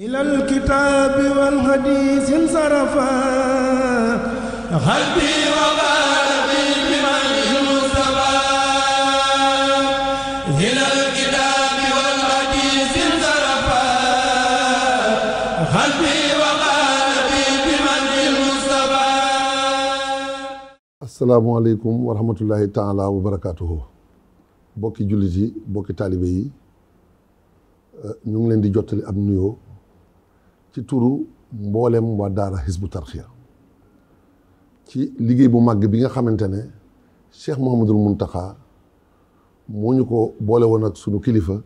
ilal kitaabi wal hadiis insarafa qalbi wal hadiis insarafa qalbi wa qalbi bi manhil Mustafaa taala wa bokki jullit bokki taalibe yi ñu ngi leen di jottali am nuyoo ci turu mboolem waa daara Hizbut Tarqiyyah ci liggéey bu màgg bi nga xamante ne Cheikh Mouhamadul Mountakha moo ñu ko boole woon ak sunu kilifa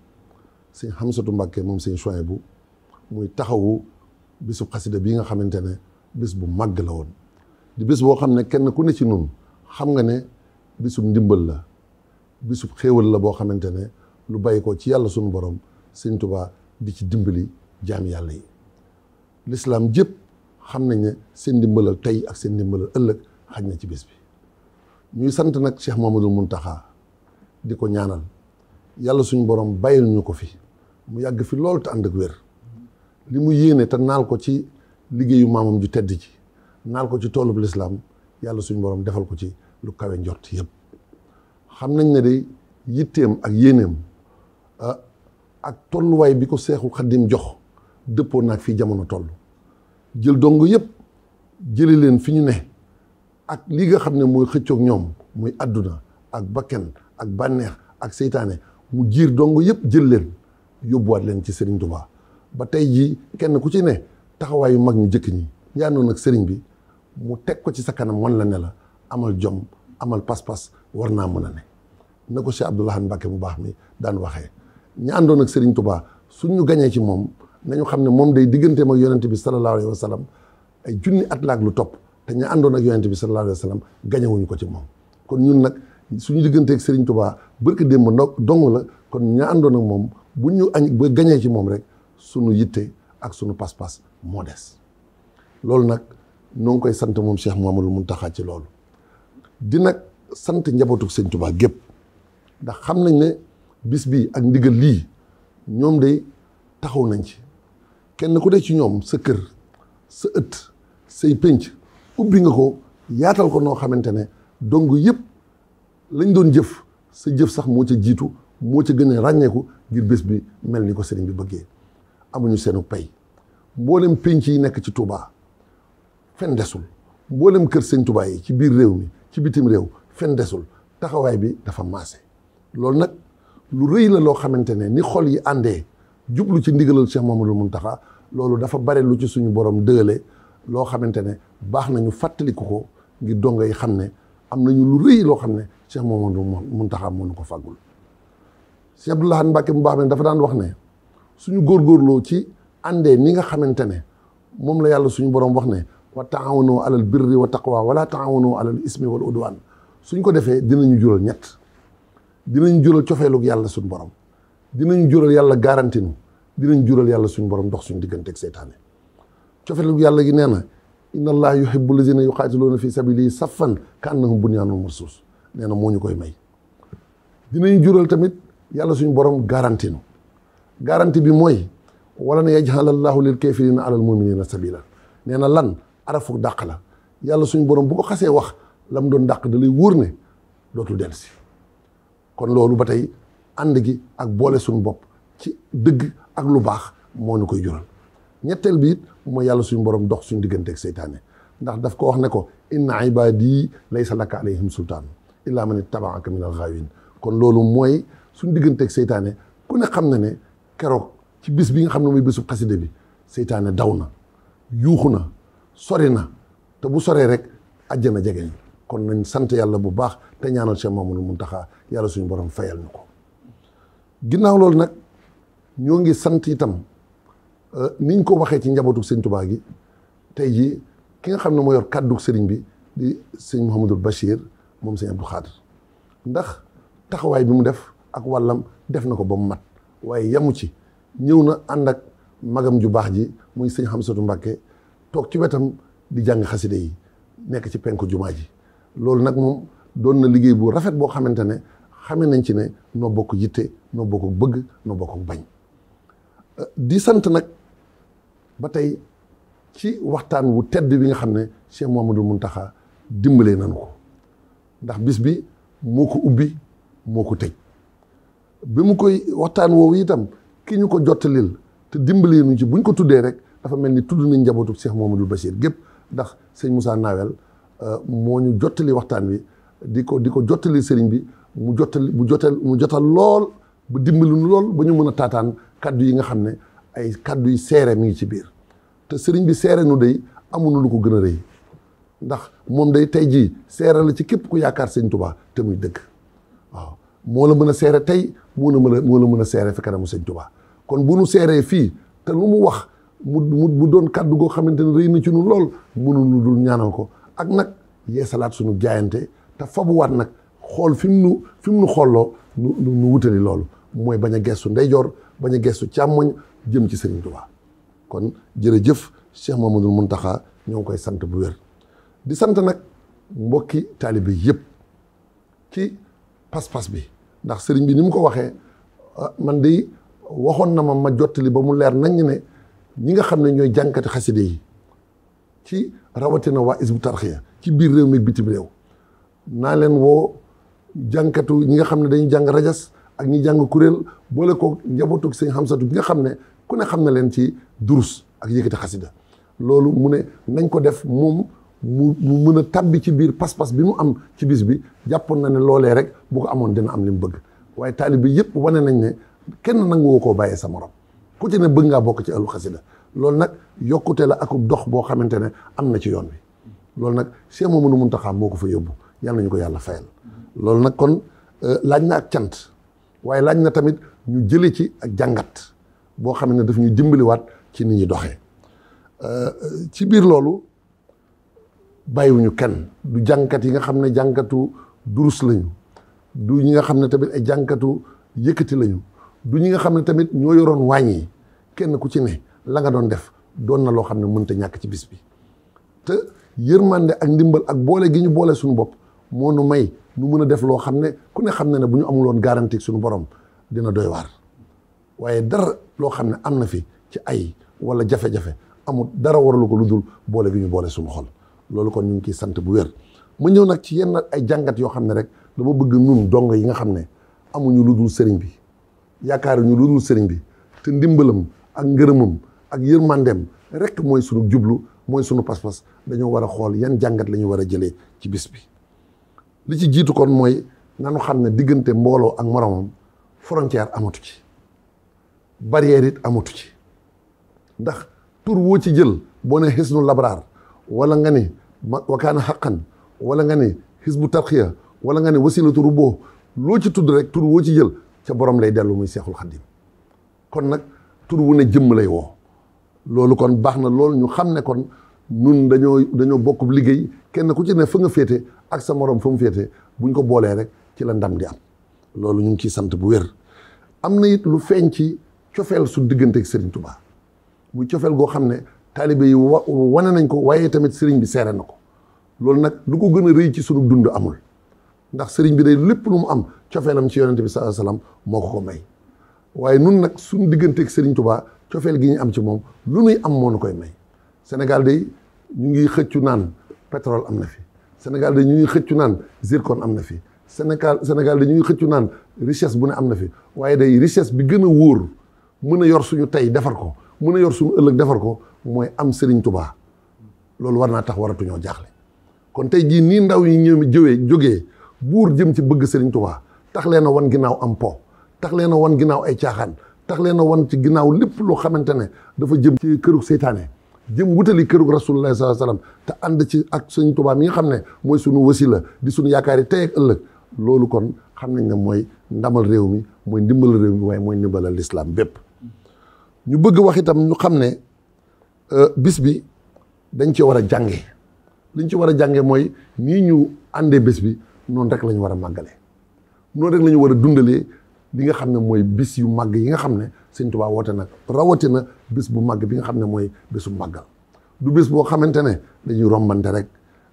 sëñ Hamsatu Mbàkke moom soin bu muy taxawu bésu xasida bi nga xamante ne bés bu màgg la woon di bés boo xam ne kenn ku ne ci nun xam nga ne bésub ndimbal la bésub xéewal la boo xamante ne lu bàyyi ko ci yàlla sunu borom sëñ Tuubaa di ci dimbali jaam yàlla yi lislaam jëpp xam nañ ne seen ndimbalal tey ak seen ndimbalal ëllëg xaj na ci bés bi ñuy sant nag Cheikh mun taxaa di ko ñaanal yàlla suñu borom bàyyil ñu ko fi mu yàgg fi loolu te ànd ak wér li mu yéene te naal ko ci liggéeyu maamam ju tedd ci naal ko ci toolub lislaam yàlla suñu borom defal ko ci lu kawe njort yëpp xam nañ ne de yitteem ak yéeneem ah, ak tolluwaay bi ko seexu xaddim jox dëppoo naag fii jamono toll jël dongo yëpp jëli leen fi ñu ne ak li nga xam ne mooy xëccook ñoom muy àdduna ak bakken ak bànneex ak seytaane mu jiir dongo yëpp jël leen yóbbuwaat leen ci Serigne Touba ba tey ji kenn ku ci ne taxawaayu mag ñu jëkk ñi ñaanoon ak sëriñ bi mu teg ko ci sa kanam wan la ne la amal jom amal pas-pas war naa mën a ne na ko Cheikh Abdoulahan Mbacke bu baax mi daan waxee ñu àndoon ak Serigne Touba suñ ñu gañee ci moom. nañu xam ne moom dey digganteem ak yonent bi sallallahu alayhi wa sallam ay junni at laak lu topp te ñu àndoon ak yonent bi sallallahu alayhi wa sallam gañewuñu ko ci moom kon ñun nag suñu digganteeg Serigne Touba barke démb ndo dong la kon ñaa àndoon ak moom bu ñu añ ba gañee ci moom rek suñu yitte ak suñu pas-pas moo des loolu nag noo ngi koy sant moom lu Mouhamadou Mountakha ci loolu di nag sant njabootu Serigne Touba gépp ndax xam nañ ne bis bii ak ndigal lii ñoom day taxaw nañ ci kenn ku dee ci ñoom sa kër sa ëtt say pénc ubbi nga ko yaatal ko noo xamante ne dong yëpp lañ doon jëf sa jëf sax moo ci jiitu moo ci gën a ràññeeku ngir bés bi mel ni ko sëriñ bi bëggee amuñu seenu pay mboolem pénc yi nekk ci Touba fen desul mboolem kër sëñ Touba yi ci biir réew mi ci bitim réew fen desul taxawaay bi dafa maase loolu nag lu rëy la loo xamante ne ni xol yi àndee jublu ci ndigalal Cheikh mun Mountakha loolu dafa bare lu ci suñu borom dëgale loo xamante ne baax nañu fàttaliku ko ngir dongo yi xam ne am nañu lu rëy loo xam ne Cheikh Mamadou Mountakha moo nu ko fàggul Cheikh Abdoul Ahad Mbacké baax ne dafa daan wax ne suñu góorgóorloo ci àndee ni nga xamante ne moom la yàlla suñu borom wax ne wa taawanoo alal birri wa waa wala taawanoo alal ismi wal udwaan suñ ko defee dinañu jural ñett dinañu jural cofeelug yàlla suñu borom dinañ jural yàlla garanti nu dinañ jural yàlla suñu borom ndox suñu diggante ak seytaane yàlla gi nee na inna allaha yuhibbu allazina yuqaatiluuna fi sabilihi saffan ka annahum bunyaanun marsuus nee na moo ñu koy may dinañ jural tamit yàlla suñu borom garanti garanti bi mooy wala na yaj'ala allahu lil kaafirina alal muminina sabila nee na lan arafu dàq la yàlla suñu borom bu xasee wax lam doon dàq da lay wóor ne dootul dellusi kon loolu ba tey ànd gi ak boole suñu bopp ci dëgg ak lu baax moo ñu koy jural ñetteel bi it mooy yàlla suñu borom dox suñu diggante ak seytaane ndax daf ko wax ne ko inna ibadi laysa laka alayhim sultaan illaa man ittabaaka min alxaawin kon loolu mooy suñu diggante ak seytaane ku ne xam na ne keroog ci bis bi nga xam ne mooy bisu xaside bi seytaane daw na yuuxu na sori na te bu soree rek àjjana jegeñ kon nañ sant yàlla bu baax te ñaanal Cheikh Mamadou Mountakha yàlla suñu borom fayal ñu ko ginnaaw loolu nag ñoo ngi sant itam euh, niñ ko waxee ci njabootu sëñ Tuubaa gi tey jii ki nga xam ne moo yor kàddu sëriñ bi di sëñ Mouhamadul Bachir moom sëñ Abdou Khadir ndax taxawaay bi mu def ak wàllam def na ko ba mu mat waaye yamu ci ñëw na ànd ak magam ju baax ji muy sëñ Xamsatu Mbàkke toog ci wetam di jàng xaside yi nekk ci penku jumaa ji loolu nag moom doon na liggéey bu rafet boo xamante ne xamee nañ ci ne noo bokk yitte noo bokk bëgg noo bokk bañ di sant nag ba tey ci waxtaan wu tedd bi nga xam ne Cheikh Mouhamadou Mountakha dimbalee nañu ko ndax bis bi moo ko ubbi moo ko tëj bi mu koy waxtaan woowu itam ki ñu ko jottalil te dimbalee ñu ci buñ ko tuddee rek dafa mel ni tudd nañ njabootu Cheikh Mouhamadou Bachir gépp ndax sëñ Moussa Nawel euh, moo ñu jottali waxtaan wi di ko di ko jottali sëriñ bi mu jotal mu jotal mu jotal lool bu dimbali nu lool ba ñu mën a taataan kàddu yi nga xam ne ay kaddu yi seere mi ngi ci biir te sëriñ bi seere nu day amuñu lu ko gën a rëy ndax moom day tey jii seere la ci képp ku yaakaar sëñ Tuubaa te muy dëgg waaw moo la mën a seere tey moo la mën a moo mën a seere fi kanamu sëñ Tuubaa kon bu nu seeree fii te lu mu wax mu mu doon kaddu goo xamante ne rëy na ci nu lool mënuñu dul ñaanal ko ak nag yeesalaat suñu jaayante te fabuwaat nag xool fi mu nu fi mu nu xooloo nu nu wutali loolu mooy bañ a gestu ndeyjoor bañ a gestu càmmoñ jëm ci Serigne Touba kon jërëjëf Cheikh Mamadou Mountakha ñoo ngi koy sant bu wér di sant nag mbokki taalibe yépp ci pas-pas bi ndax sëriñ bi ni mu ko waxee ah, man de waxoon na ma ma jottali ba mu leer nañ ne ñi nga xam ne ñooy jànkati xaside yi ci rawatina waa Hizbut Tarqiyyah ci biir réew mi bitim réew naa leen woo jànkatu ñi nga xam ne dañuy jàng rajas ak ñi jàng kuréel boole ko njabootug sëñ Xamsatu gi nga xam ne ku ne xam na leen ci durus ak yëkkati loolu mu ne nañ ko def mu mu mën a tabbi ci biir pas bi mu am ci bis bi jàppoon na ne loolee rek bu amoon dina am li mu bëgg waaye taalib bi yëpp wane nañ ne kenn nanguwoo koo bàyyee sa morom ku ci ne bëgg ngaa bokk ci alu xasida loolu nag yokkute la ak dox boo xamante ne am na ci yoon bi loolu nag Cheikh Mamadou Mountakha moo ko fa yóbbu yàlla nañu ko yàlla fayal. loolu nag kon euh, laaj na ak cant waaye laaj na tamit ñu jële ci ak jàngat boo xam ne daf ñuy dimbaliwaat ci ni ñuy doxee euh, ci biir loolu bàyyiwuñu kenn du jàngat yi nga xam ne jàngatu durus lañu du ñi nga xam ne tamit ay jànkatu yëkkati lañu du ñi nga xam ne tamit ñoo yoroon wàññi kenn ku ci ne la nga doon def doon na loo xam ne mënta ñàkk ci bis bi te yërmande ak ndimbal ak boole gi ñu boole suñu bopp moo nu may nu mën a def loo xam ne ku ne xam ne ne bu ñu amuloon garantie suñu borom dina doy waar waaye dara loo xam ne am na fi ci ay wala jafe-jafe amul dara waralu ko lu dul boole gi ñu boole suñu xol loolu kon ñu ngi sant bu wér ma ñëw nag ci yenn ay jàngat yoo xam ne rek dama bëgg nun dong yi nga xam ne amuñu lu dul sëriñ bi yaakaaruñu lu dul sëriñ bi te ndimbalam ak ngërëmam ak yërmandeem rek mooy suñu jublu mooy sunu pas-pas dañoo war a xool yan jàngat la ñu war a jëlee ci bis bi li ci jiitu kon mooy nanu xam ne diggante mbooloo ak moromam frontière amatu ci barrière it amatu ci ndax tur woo ci jël boo ne xisnu labraar wala nga ni wakaana xaqan wala nga ni xisbu tarxiya wala nga ne wasilatu rubboo loo ci tudd rek tur woo ci jël ca borom lay dellu muy seexul xaddim kon nag tur wu ne jëmm lay woo loolu kon baax na loolu ñu xam ne kon nun dañoo dañoo bokkub liggéey kenn ku ci ne fa nga féete ak sa morom fa mu féete buñ ko boolee rek ci la ndam di am loolu ñu ngi ciy sant bu wér am na it lu feeñ ci cofeel su diggante ak Serigne Touba cofeel goo xam ne taalibe yi wa wane nañ ko waaye tamit sëriñ bi seere na ko loolu nag lu ko gën a rëy ci sunu dund amul ndax Serigne bi day lépp lu mu am cofeelam ci yonent bi sa alayhi wasallam moo ko ko may waaye nun nag suñu diggante sëriñ Serigne cofeel gi ñu am ci moom lu nuy am nu koy may Sénégal day ñu ngi xëccu naan. pétrole am na fi Sénégal dañuy xëccu naan zircon am na fi Sénégal Sénégal dañuy xëccu naan richesse bu ne am na fi waaye day richesse bi gën a wóor mën a yor suñu tey defar ko mën a yor suñu ëllëg defar ko mooy am Serigne Touba loolu war naa tax waratuñoo jaaxle kon tey jii nii ndaw yi ñëw jëwee jógee buur jëm ci bëgg Serigne tubaa tax leen a wan ginnaaw am po tax leen a wan ginnaaw ay caaxaan tax leen a wan ci ginnaaw lépp loo xamante ne dafa jëm ci këru seytaane jëm wutali këru rasulullah sallallahu alayhi wasallam te ànd ci ak sëñ tubaab yi nga xam ne mooy suñu wasila di sunu yaakaar yi tey ak ëllëg loolu kon xam nañ ne mooy ndamal réew mi mooy ndimbal réew mi waaye mooy ndimbalal lislaam bépp ñu bëgg wax itam ñu xam ne euh, bis bi dañ ci war a jànge liñ ci war a jànge mooy nii ñu àndee bés bi noonu rek la war a màggale noonu rek lañu war a dundalee li nga xam ne mooy bis yu màgg yi nga xam ne sëñ Tuubaa woote nag rawatina bis bu màgg bi nga xam ne mooy bisu màggal du bis boo xamante ne dañuy rombante rek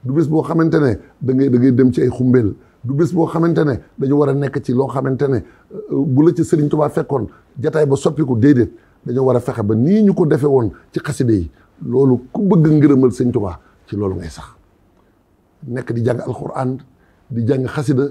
du bis boo xamante ne da ngay da dem ci ay du bis boo xamante ne dañu war a nekk ci loo xamante ne euh, bu la ci sëriñ Tuubaa fekkoon jataay ba soppiku déedéet dañoo war a fexe ba nii ñu ko defee woon ci xaside yi loolu ku bëgg ngërëmal sëñ Tuubaa ci loolu ngay sax nekk di jàng alxuraan di jàng xasida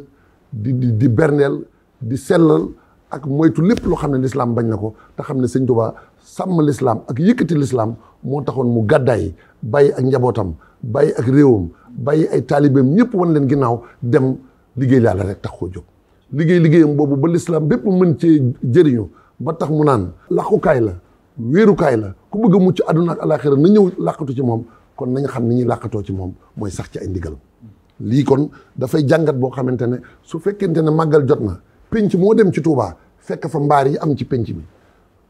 di di di berndeel di sellal ak moytu lépp loo xam ne lislaam bañ na ko te xam ne sëñ Tuubaa sàmm lislaam ak yëkkati lislaam moo taxoon mu gàddaay bàyyi ak njabootam bàyyi ak réewam bàyyi ay taalibeem ñëpp wan leen ginnaaw dem liggéey yàlla rek tax koo jóg liggéey liggéeyam boobu ba lislaam bépp mën cee jëriñu ba tax mu naan laqukaay la wéerukaay la ku bëgg a mucc àdduna ak alaxira na ñëw làqatu ci moom kon nañ xam ni ñuy làqatoo ci moom mooy sax ci ay ndigalam lii kon dafay jàngat boo xamante ne su fekkente ne màggal jot na penc moo dem ci Touba fekk fa mbaar yi am ci pénc mi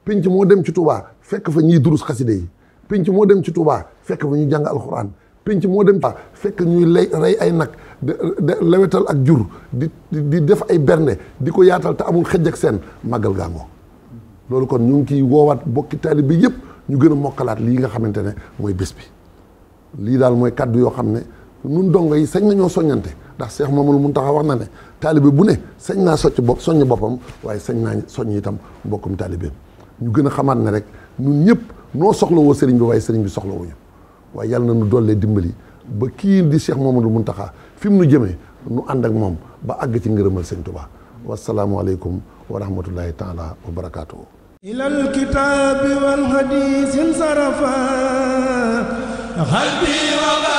penc moo dem ci Touba fekk fa ñiy durus xaside yi pénc moo dem ci Touba fekk fa ñuy jàng alxuraan penc moo dem ci fekk ñuy lay rey ay nag de lewetal ak jur di di def ay berne di ko yaatal te amul xëj ak seen màggal gaangoo loolu kon ñu ngi ciy woowaat bokki taalibe bi yëpp ñu gën a mokkalaat lii nga xamante ne mooy bés bi lii daal mooy kàddu yoo xam ne nun dongo yi sañ nañoo soññante ndax Cheikh Mamadou Mountakha wax na ne taalibe bu ne sañ naa socc bopp soññ boppam waaye sañ naa soññ itam mbokkum taalibeem ñu gën a xamaat ne rek ñun ñëpp noo soxlawoo sëriñ bi waaye sëriñ bi soxlawuñu waaye yàlla na nu dollee dimbali ba kii di Cheikh Mamadou Mountakha fi mu nu jëmee nu ànd ak moom ba àgg ci ngërëmal sëñ Tuubaa wasalaamualeykum wa rahmatullahi taala wa barakaatuhu ilal kitaabi wal hadiis insarafa